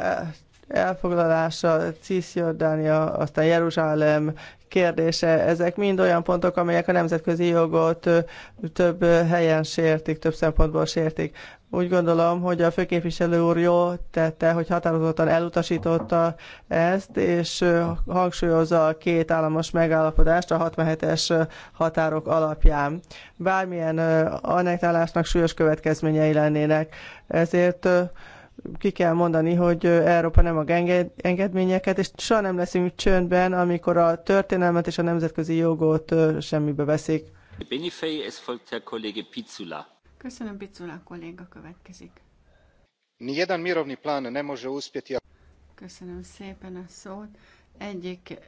elfoglalása, Cisjordánia, aztán Jeruzsálem kérdése, ezek mind olyan pontok, amelyek a nemzetközi jogot több helyen sértik, több szempontból sértik úgy gondolom, hogy a főképviselő úr jól tette, hogy határozottan elutasította ezt, és hangsúlyozza a két államos megállapodást a 67-es határok alapján. Bármilyen annektálásnak súlyos következményei lennének. Ezért ki kell mondani, hogy Európa nem a engedményeket, és soha nem leszünk csöndben, amikor a történelmet és a nemzetközi jogot semmibe veszik. Benifei, es folgt a Kollege Pizula. Köszönöm, Picula kolléga következik. Nijedan mirovni plán nem može uspjeti. Köszönöm szépen a szót. Egyik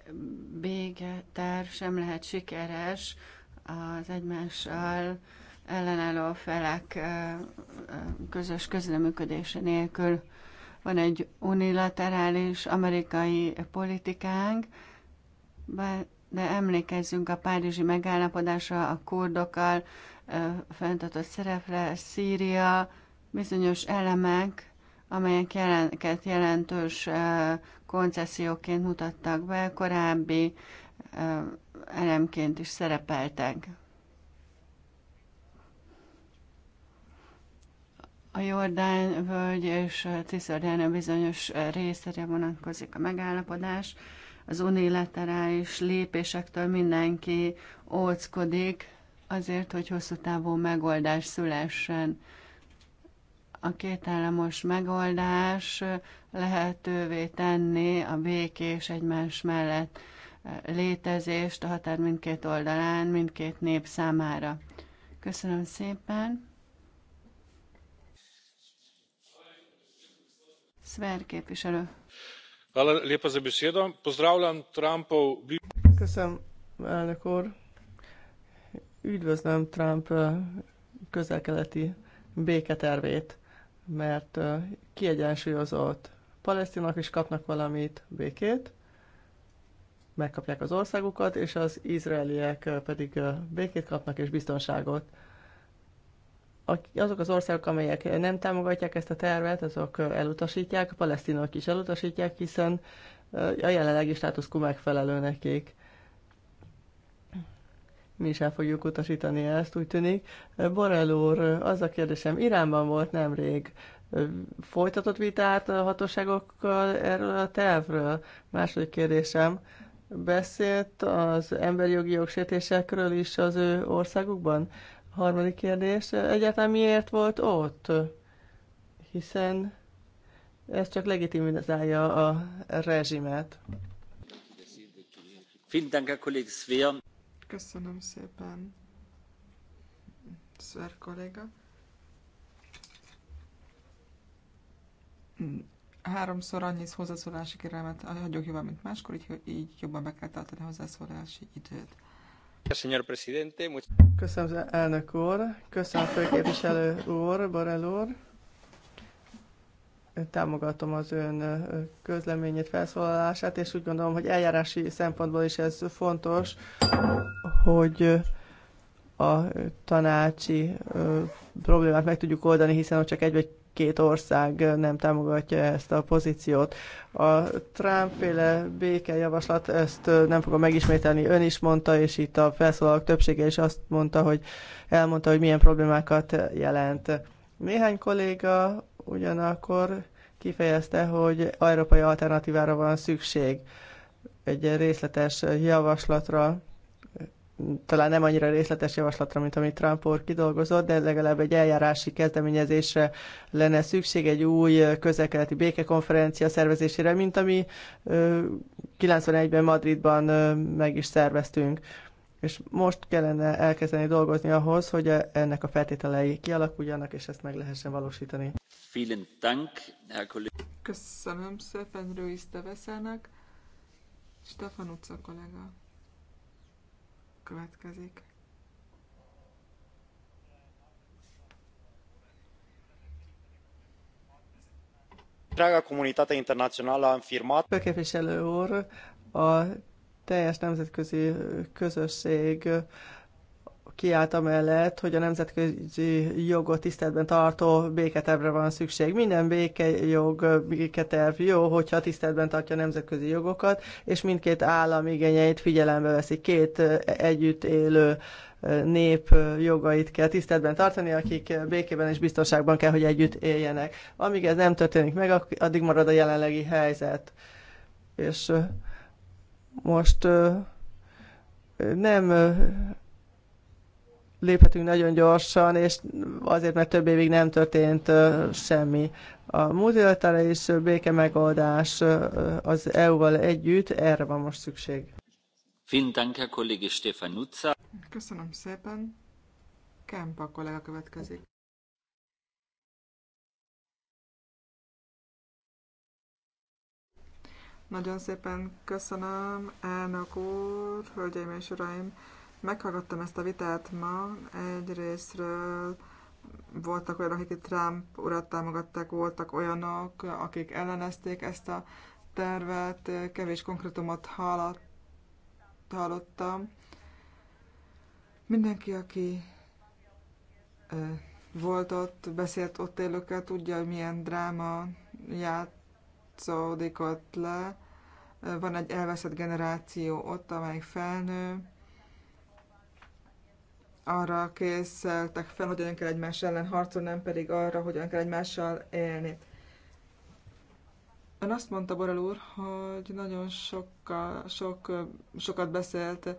bégetár sem lehet sikeres az egymással ellenálló felek közös közleműködése nélkül. Van egy unilaterális amerikai politikánk, de emlékezzünk a párizsi megállapodásra, a kurdokkal, fenntartott szerepre, Szíria, bizonyos elemek, amelyek jelenket jelentős koncesszióként mutattak be, korábbi elemként is szerepeltek. A Jordán völgy és Cisjordánia bizonyos részére vonatkozik a megállapodás. Az unilaterális lépésektől mindenki óckodik, azért, hogy hosszú távú megoldás szülessen. A kétállamos megoldás lehetővé tenni a békés egymás mellett létezést a határ mindkét oldalán, mindkét nép számára. Köszönöm szépen! Szver képviselő. Köszönöm, elnök úr. Üdvözlöm Trump közelkeleti béketervét, mert kiegyensúlyozott palesztinok is kapnak valamit, békét, megkapják az országukat, és az izraeliek pedig békét kapnak és biztonságot. Azok az országok, amelyek nem támogatják ezt a tervet, azok elutasítják, a palesztinok is elutasítják, hiszen a jelenlegi státuszku megfelelő nekik mi is el fogjuk utasítani ezt, úgy tűnik. Borrell úr, az a kérdésem, Iránban volt nemrég, folytatott vitát a hatóságokkal erről a tervről? Második kérdésem, beszélt az emberi jogi jogsértésekről is az ő országukban? Harmadik kérdés, egyáltalán miért volt ott? Hiszen ez csak legitimizálja a rezsimet. Vielen Dank, Herr Kollege Köszönöm szépen, Szver kolléga. Háromszor annyi hozzászólási kérelmet hagyok jobban, mint máskor, így, így jobban be kell tartani a hozzászólási időt. Köszönöm, elnök úr. Köszönöm, főképviselő úr, Borel úr támogatom az ön közleményét, felszólalását, és úgy gondolom, hogy eljárási szempontból is ez fontos, hogy a tanácsi problémát meg tudjuk oldani, hiszen ott csak egy vagy két ország nem támogatja ezt a pozíciót. A Trump-féle békejavaslat, ezt nem fogom megismételni, ön is mondta, és itt a felszólalók többsége is azt mondta, hogy elmondta, hogy milyen problémákat jelent. Néhány kolléga ugyanakkor kifejezte, hogy európai alternatívára van szükség egy részletes javaslatra, talán nem annyira részletes javaslatra, mint amit Trump úr kidolgozott, de legalább egy eljárási kezdeményezésre lenne szükség, egy új közelkeleti békekonferencia szervezésére, mint ami 91-ben Madridban meg is szerveztünk. És most kellene elkezdeni dolgozni ahhoz, hogy ennek a feltételei kialakuljanak, és ezt meg lehessen valósítani. Köszönöm szépen Ruiz Deveszának. Stefan utca kollega következik. Drága comunitate internațională a firmat. Főképviselő úr, a teljes nemzetközi közösség kiállt amellett, hogy a nemzetközi jogot tiszteletben tartó béketervre van szükség. Minden békejog, béketerv jó, hogyha tiszteletben tartja a nemzetközi jogokat, és mindkét állam igényeit figyelembe veszi. Két együtt élő nép jogait kell tiszteletben tartani, akik békében és biztonságban kell, hogy együtt éljenek. Amíg ez nem történik meg, addig marad a jelenlegi helyzet. És most nem léphetünk nagyon gyorsan, és azért, mert több évig nem történt semmi. A multilaterális béke megoldás az EU-val együtt, erre van most szükség. Köszönöm szépen. Kempa kollega következik. Nagyon szépen köszönöm, elnök úr, hölgyeim és uraim! Meghallgattam ezt a vitát ma, egyrésztről voltak olyanok, akik Trump urat támogatták, voltak olyanok, akik ellenezték ezt a tervet, kevés konkrétumot hallott, hallottam. Mindenki, aki volt ott, beszélt ott élőkkel, tudja, hogy milyen dráma játszódik ott le. Van egy elveszett generáció ott, amelyik felnő, arra készültek fel, hogyan kell egymás ellen harcolni, nem pedig arra, hogyan kell egymással élni. Ön azt mondta, Borel úr, hogy nagyon sokkal, sok, sokat beszélt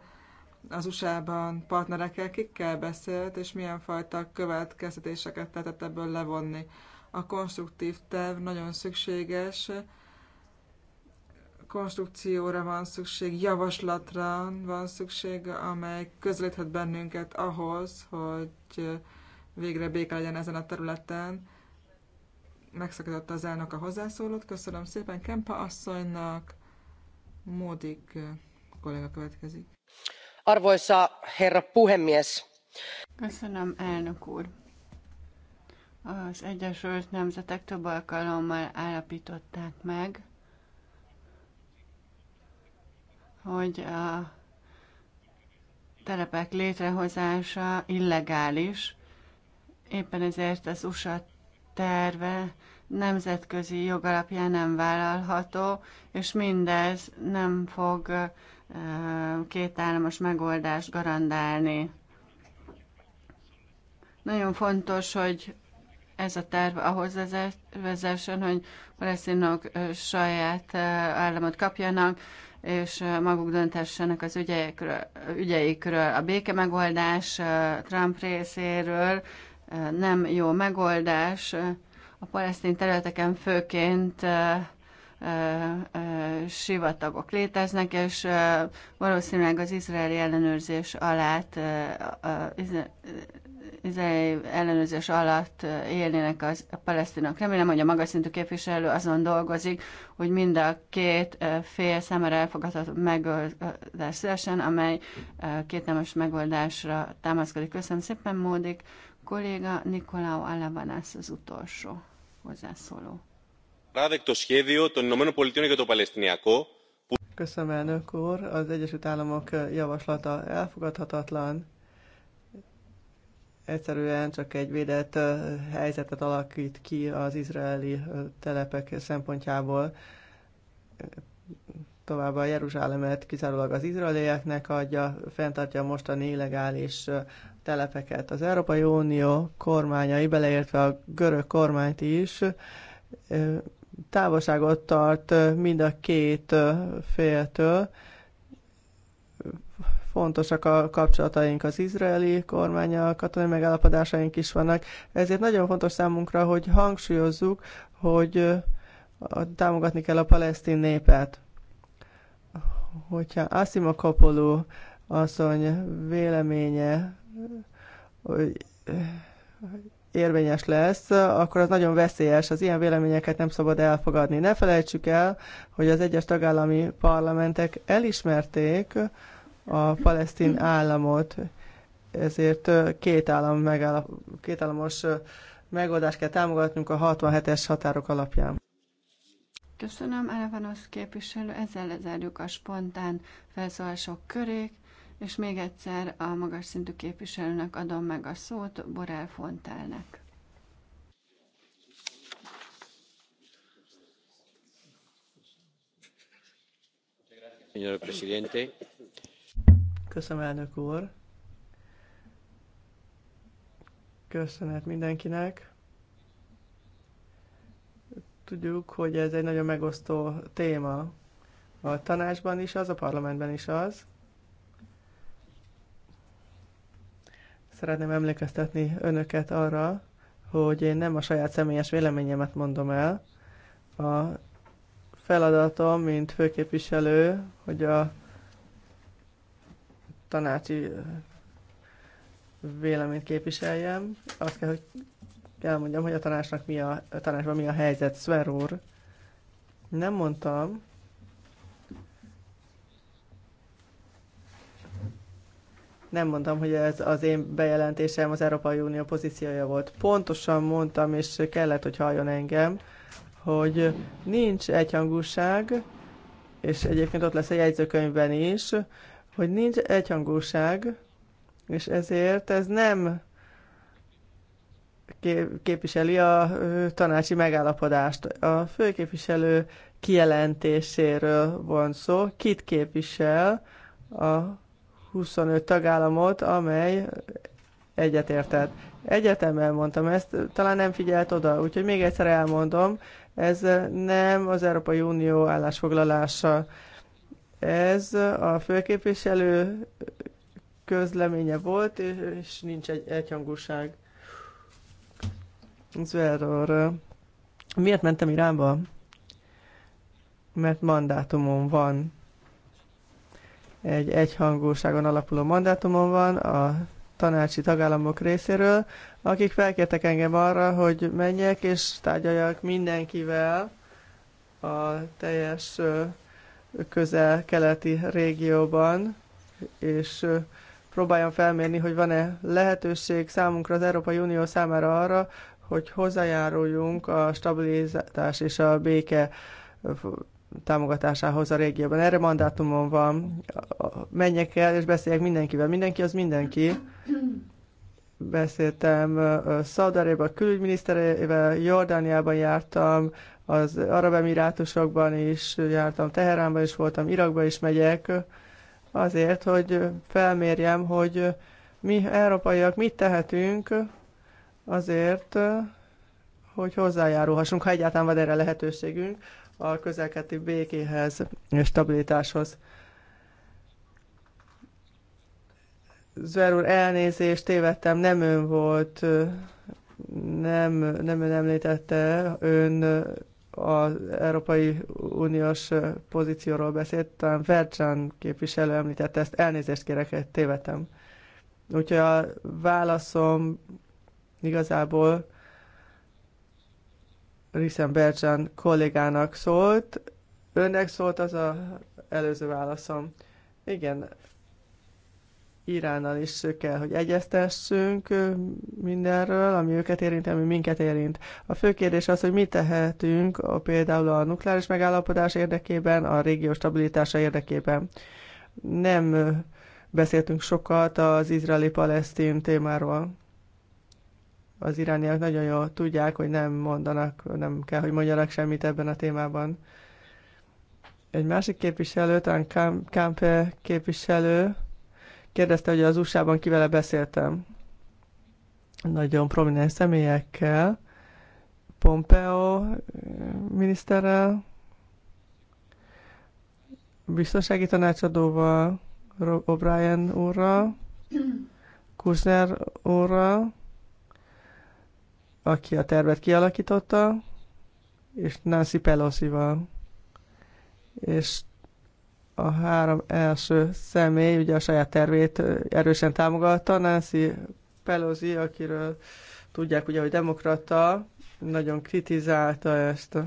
az USA-ban partnerekkel, kikkel beszélt, és milyen fajta következtetéseket lehetett ebből levonni. A konstruktív terv nagyon szükséges, konstrukcióra van szükség, javaslatra van szükség, amely közelíthet bennünket ahhoz, hogy végre béke legyen ezen a területen. Megszakadott az elnök a hozzászólót. Köszönöm szépen Kempa asszonynak. Módik kollega következik. Arvoisa herra puhemies. Köszönöm, elnök úr. Az Egyesült Nemzetek több alkalommal állapították meg, hogy a telepek létrehozása illegális, éppen ezért az USA terve nemzetközi jog alapján nem vállalható, és mindez nem fog két államos megoldást garantálni. Nagyon fontos, hogy ez a terv ahhoz vezessen, hogy palesztinok saját államot kapjanak, és maguk döntessenek az ügyeikről, ügyeikről. A béke megoldás Trump részéről nem jó megoldás. A palesztin területeken főként sivatagok léteznek, és valószínűleg az izraeli ellenőrzés alatt, izraeli ellenőrzés alatt élnének az a palesztinok. Remélem, hogy a magas szintű képviselő azon dolgozik, hogy mind a két fél számára elfogadható megoldás szívesen, amely nemes megoldásra támaszkodik. Köszönöm szépen, Módik kolléga Nikolau Alabanász az utolsó hozzászóló. Köszönöm, elnök úr. Az Egyesült Államok javaslata elfogadhatatlan. Egyszerűen csak egy védett helyzetet alakít ki az izraeli telepek szempontjából. Továbbá Jeruzsálemet kizárólag az izraelieknek adja, fenntartja mostani illegális telepeket. Az Európai Unió kormányai, beleértve a görög kormányt is, távolságot tart mind a két féltől. Fontosak a kapcsolataink az izraeli kormányjal, katonai megállapodásaink is vannak. Ezért nagyon fontos számunkra, hogy hangsúlyozzuk, hogy támogatni kell a palesztin népet. Hogyha Asima Kopolú asszony véleménye, hogy érvényes lesz, akkor az nagyon veszélyes, az ilyen véleményeket nem szabad elfogadni. Ne felejtsük el, hogy az egyes tagállami parlamentek elismerték a palesztin államot, ezért két, állam megállap, két államos megoldást kell támogatnunk a 67-es határok alapján. Köszönöm, Elevanosz képviselő. Ezzel lezárjuk a spontán felszólások körét. És még egyszer a magas szintű képviselőnek adom meg a szót, Borel Fontelnek. Köszönöm, elnök úr. Köszönet mindenkinek. Tudjuk, hogy ez egy nagyon megosztó téma. A tanácsban is az, a parlamentben is az. Szeretném emlékeztetni önöket arra, hogy én nem a saját személyes véleményemet mondom el. A feladatom, mint főképviselő, hogy a tanácsi véleményt képviseljem. Azt kell, hogy elmondjam, hogy a tanácsnak mi a, a tanácsban mi a helyzet. Sver úr, nem mondtam, Nem mondtam, hogy ez az én bejelentésem az Európai Unió pozíciója volt. Pontosan mondtam, és kellett, hogy halljon engem, hogy nincs egyhangúság, és egyébként ott lesz a jegyzőkönyvben is, hogy nincs egyhangúság, és ezért ez nem képviseli a tanácsi megállapodást. A főképviselő kijelentéséről van szó, kit képvisel a 25 tagállamot, amely egyetértett. Egyetemen mondtam ezt, talán nem figyelt oda, úgyhogy még egyszer elmondom, ez nem az Európai Unió állásfoglalása. Ez a főképviselő közleménye volt, és nincs egy egyhangúság. Zveror. Miért mentem Iránba? Mert mandátumom van egy egyhangúságon alapuló mandátumon van a tanácsi tagállamok részéről, akik felkértek engem arra, hogy menjek és tárgyaljak mindenkivel a teljes közel-keleti régióban, és próbáljam felmérni, hogy van-e lehetőség számunkra, az Európai Unió számára arra, hogy hozzájáruljunk a stabilizálás és a béke támogatásához a régióban. Erre mandátumom van, menjek el és beszéljek mindenkivel. Mindenki az mindenki. Beszéltem a külügyminiszterével, Jordániában jártam, az Arab Emirátusokban is jártam, Teheránban is voltam, Irakban is megyek, azért, hogy felmérjem, hogy mi európaiak mit tehetünk azért, hogy hozzájárulhassunk, ha egyáltalán van erre lehetőségünk, a közelketi békéhez és stabilitáshoz. Zver úr, elnézést, tévedtem, nem ön volt, nem, nem ön említette, ön az Európai Uniós pozícióról beszélt, talán Vercsán képviselő említette ezt, elnézést kérek, tévedtem. Úgyhogy a válaszom igazából Risen Berzsán kollégának szólt. Önnek szólt az a előző válaszom. Igen, Iránnal is kell, hogy egyeztessünk mindenről, ami őket érint, ami minket érint. A fő kérdés az, hogy mit tehetünk a, például a nukleáris megállapodás érdekében, a régió stabilitása érdekében. Nem beszéltünk sokat az izraeli-palesztin témáról. Az irániak nagyon jól tudják, hogy nem mondanak, nem kell, hogy mondjanak semmit ebben a témában. Egy másik képviselő, talán Kampe képviselő, kérdezte, hogy az USA-ban kivele beszéltem. Nagyon prominens személyekkel, Pompeo eh, miniszterrel, biztonsági tanácsadóval, O'Brien úrral, Kushner úrral, aki a tervet kialakította, és Nancy Pelosi-val. És a három első személy ugye a saját tervét erősen támogatta. Nancy Pelosi, akiről tudják ugye, hogy demokrata, nagyon kritizálta ezt.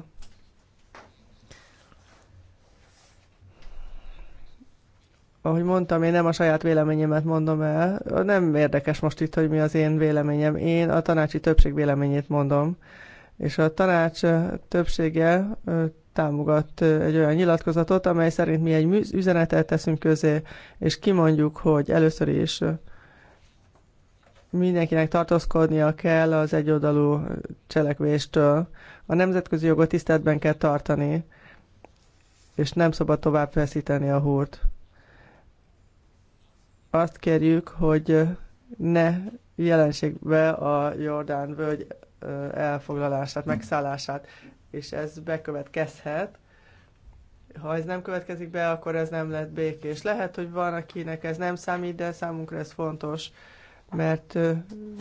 ahogy mondtam, én nem a saját véleményemet mondom el. Nem érdekes most itt, hogy mi az én véleményem. Én a tanácsi többség véleményét mondom. És a tanács többsége támogat egy olyan nyilatkozatot, amely szerint mi egy üzenetet teszünk közé, és kimondjuk, hogy először is mindenkinek tartózkodnia kell az egyoldalú cselekvéstől. A nemzetközi jogot tiszteletben kell tartani, és nem szabad tovább feszíteni a húrt azt kérjük, hogy ne jelenség be a Jordán völgy elfoglalását, megszállását, és ez bekövetkezhet. Ha ez nem következik be, akkor ez nem lett békés. Lehet, hogy van, akinek ez nem számít, de számunkra ez fontos, mert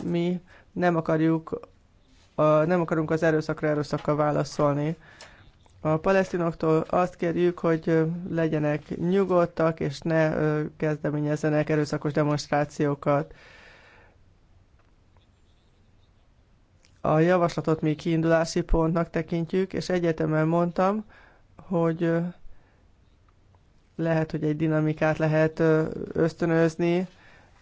mi nem akarjuk, nem akarunk az erőszakra erőszakkal válaszolni. A palesztinoktól azt kérjük, hogy legyenek nyugodtak, és ne kezdeményezzenek erőszakos demonstrációkat. A javaslatot mi kiindulási pontnak tekintjük, és egyetemen mondtam, hogy lehet, hogy egy dinamikát lehet ösztönözni,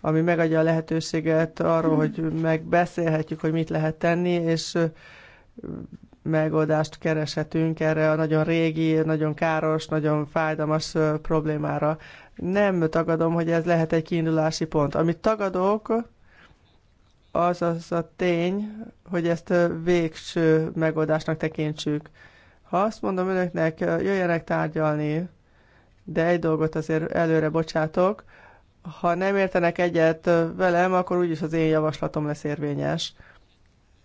ami megadja a lehetőséget arról, hogy megbeszélhetjük, hogy mit lehet tenni, és megoldást kereshetünk erre a nagyon régi, nagyon káros, nagyon fájdalmas problémára. Nem tagadom, hogy ez lehet egy kiindulási pont. Amit tagadok, az az a tény, hogy ezt végső megoldásnak tekintsük. Ha azt mondom önöknek, jöjjenek tárgyalni, de egy dolgot azért előre bocsátok, ha nem értenek egyet velem, akkor úgyis az én javaslatom lesz érvényes.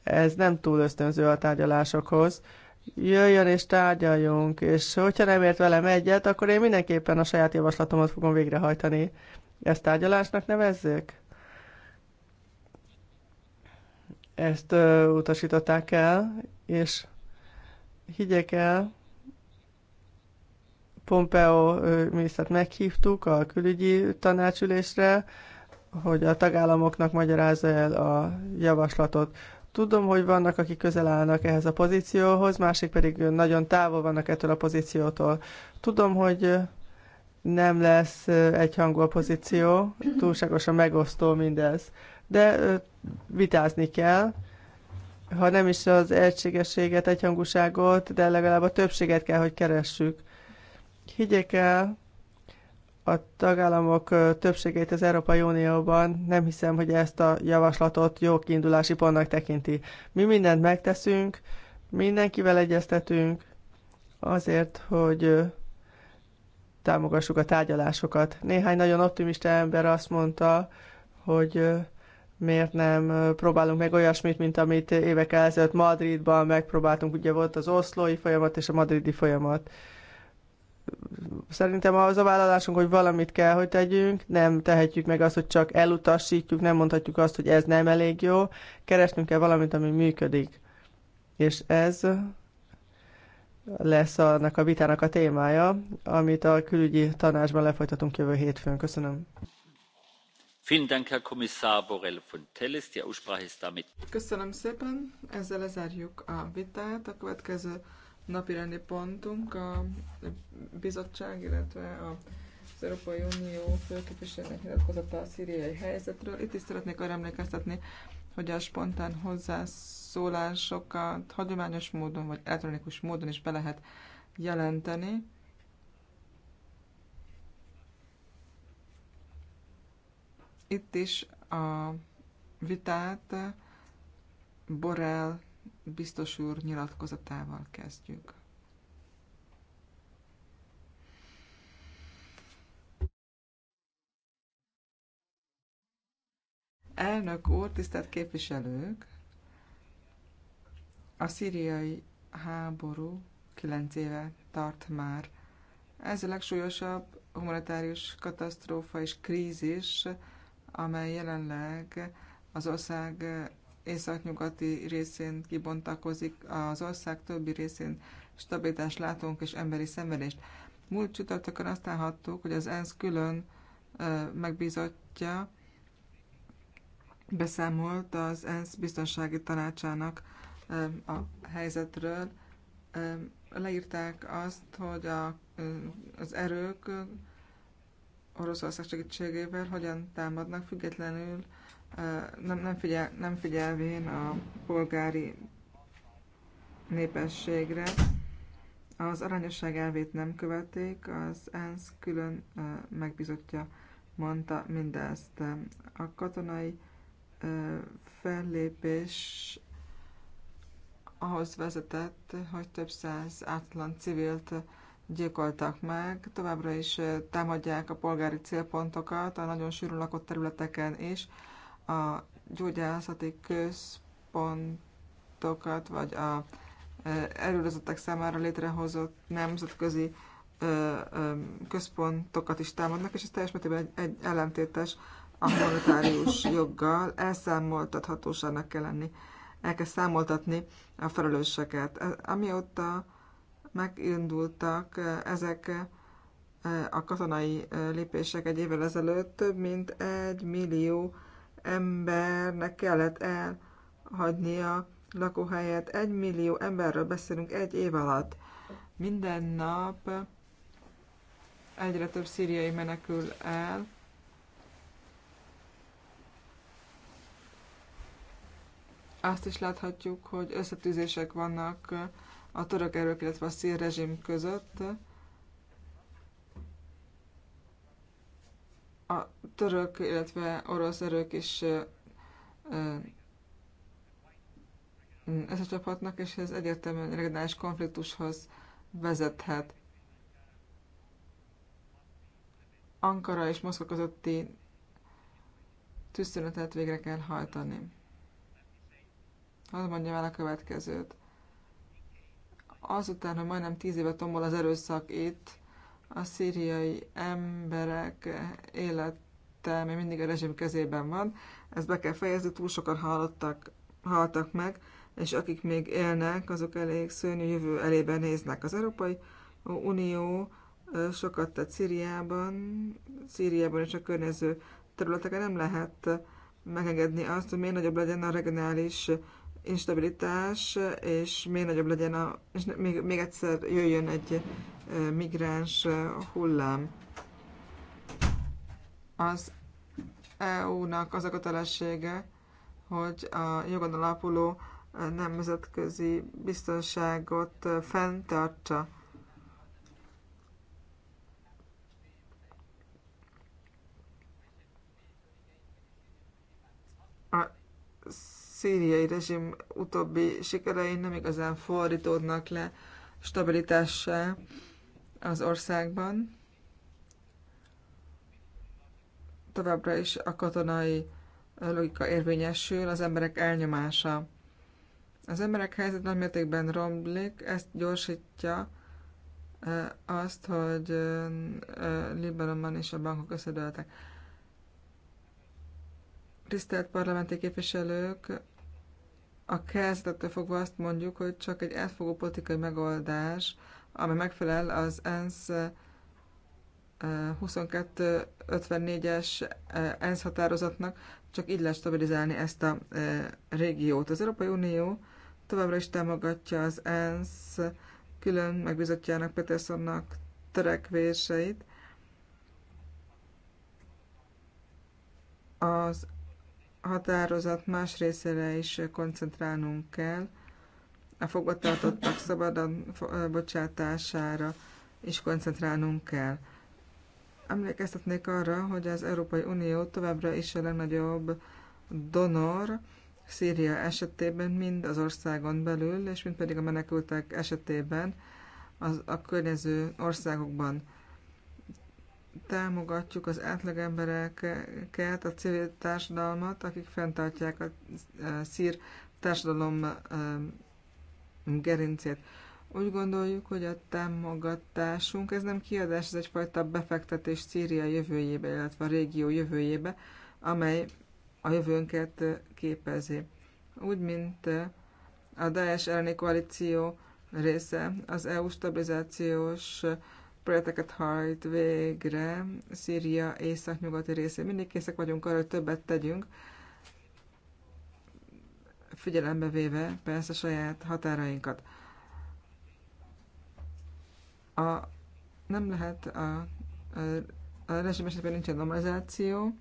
Ez nem túl ösztönző a tárgyalásokhoz. Jöjjön és tárgyaljunk, és hogyha nem ért velem egyet, akkor én mindenképpen a saját javaslatomat fogom végrehajtani. Ezt tárgyalásnak nevezzük? Ezt ö, utasították el, és higgyek el, Pompeo minisztert meghívtuk a külügyi tanácsülésre, hogy a tagállamoknak magyarázza el a javaslatot. Tudom, hogy vannak, akik közel állnak ehhez a pozícióhoz, másik pedig nagyon távol vannak ettől a pozíciótól. Tudom, hogy nem lesz egyhangú a pozíció, túlságosan megosztó mindez, de vitázni kell, ha nem is az egységességet, egyhangúságot, de legalább a többséget kell, hogy keressük. Higgyék el, a tagállamok többségét az Európai Unióban nem hiszem, hogy ezt a javaslatot jó kiindulási pontnak tekinti. Mi mindent megteszünk, mindenkivel egyeztetünk azért, hogy támogassuk a tárgyalásokat. Néhány nagyon optimista ember azt mondta, hogy miért nem próbálunk meg olyasmit, mint amit évek ezelőtt Madridban megpróbáltunk. Ugye volt az oszlói folyamat és a madridi folyamat szerintem az a vállalásunk, hogy valamit kell, hogy tegyünk, nem tehetjük meg azt, hogy csak elutasítjuk, nem mondhatjuk azt, hogy ez nem elég jó, keresnünk kell valamit, ami működik. És ez lesz annak a vitának a témája, amit a külügyi tanácsban lefolytatunk jövő hétfőn. Köszönöm. Köszönöm szépen, ezzel lezárjuk a vitát. A következő napirendi pontunk a bizottság, illetve a az Európai Unió főképviselőnek nyilatkozott a szíriai helyzetről. Itt is szeretnék arra emlékeztetni, hogy a spontán hozzászólásokat hagyományos módon vagy elektronikus módon is be lehet jelenteni. Itt is a vitát Borel biztos úr nyilatkozatával kezdjük. Elnök úr, tisztelt képviselők! A szíriai háború kilenc éve tart már. Ez a legsúlyosabb humanitárius katasztrófa és krízis, amely jelenleg az ország északnyugati részén kibontakozik, az ország többi részén stabilitást látunk és emberi szenvedést. Múlt csütörtökön azt láthattuk, hogy az ENSZ külön megbízottja beszámolt az ENSZ biztonsági tanácsának a helyzetről. Leírták azt, hogy a, az erők Oroszország segítségével hogyan támadnak függetlenül nem, nem, figyel, nem figyelvén a polgári népességre. Az aranyosság elvét nem követték, az ENSZ külön megbizotja mondta mindezt. A katonai fellépés ahhoz vezetett, hogy több száz átlan civilt gyilkoltak meg. Továbbra is támadják a polgári célpontokat a nagyon sűrűn lakott területeken is a gyógyászati központokat, vagy a erőlözöttek számára létrehozott nemzetközi központokat is támadnak, és ez teljes mértékben egy, egy ellentétes a monetárius joggal elszámoltathatóságnak kell lenni. El kell számoltatni a felelősöket. E, amióta megindultak e, ezek e, a katonai lépések egy évvel ezelőtt, több mint egy millió embernek kellett elhagynia lakóhelyet. Egy millió emberről beszélünk egy év alatt. Minden nap egyre több szíriai menekül el. Azt is láthatjuk, hogy összetűzések vannak a török erők, illetve a szír rezsim között. török, illetve orosz erők is összecsaphatnak, és ez egyértelműen regionális konfliktushoz vezethet. Ankara és Moszkva közötti tűzszünetet végre kell hajtani. Hadd mondjam el a következőt. Azután, hogy majdnem tíz éve tombol az erőszak itt, a szíriai emberek élet területe eh, ami mindig a rezsim kezében van. Ezt be kell fejezni, túl sokan halottak, haltak meg, és akik még élnek, azok elég szörnyű jövő elébe néznek. Az Európai Unió eh, sokat tett Szíriában, Szíriában és a környező területeken nem lehet eh, megengedni azt, hogy még nagyobb legyen a regionális instabilitás, és még nagyobb legyen a, és még, még egyszer jöjjön egy migráns hullám. Az EU-nak az a kötelessége, hogy a jogon alapuló nemzetközi biztonságot fenntartsa. A szíriai rezsim utóbbi sikerei nem igazán fordítódnak le stabilitássá az országban. továbbra is a katonai eh, logika érvényesül, az emberek elnyomása. Az emberek helyzet nagy mértékben romlik, ezt gyorsítja eh, azt, hogy eh, Libanonban is a bankok összedőltek. Tisztelt parlamenti képviselők, a kezdettől fogva azt mondjuk, hogy csak egy átfogó politikai megoldás, ami megfelel az ENSZ 2254-es eh, ENSZ határozatnak, csak így lehet stabilizálni ezt a eh, régiót. Az Európai Unió továbbra is támogatja az ENSZ külön megbizotjának Petersonnak törekvéseit. Az határozat más részére is koncentrálnunk kell, a fogvatartottak szabadon eh, bocsátására is koncentrálnunk kell. Emlékeztetnék arra, hogy az Európai Unió továbbra is a legnagyobb donor Szíria esetében, mind az országon belül, és mind pedig a menekültek esetében az, a környező országokban. Támogatjuk az átlagembereket, a civil társadalmat, akik fenntartják a szír társadalom gerincét. Úgy gondoljuk, hogy a támogatásunk, ez nem kiadás, ez egyfajta befektetés Szíria jövőjébe, illetve a régió jövőjébe, amely a jövőnket képezi. Úgy, mint a Daesh elleni koalíció része, az EU stabilizációs projekteket hajt végre Szíria északnyugati részén. Mindig készek vagyunk arra, hogy többet tegyünk, figyelembe véve persze saját határainkat a, nem lehet a, a, a rezsim esetben nincsen normalizáció,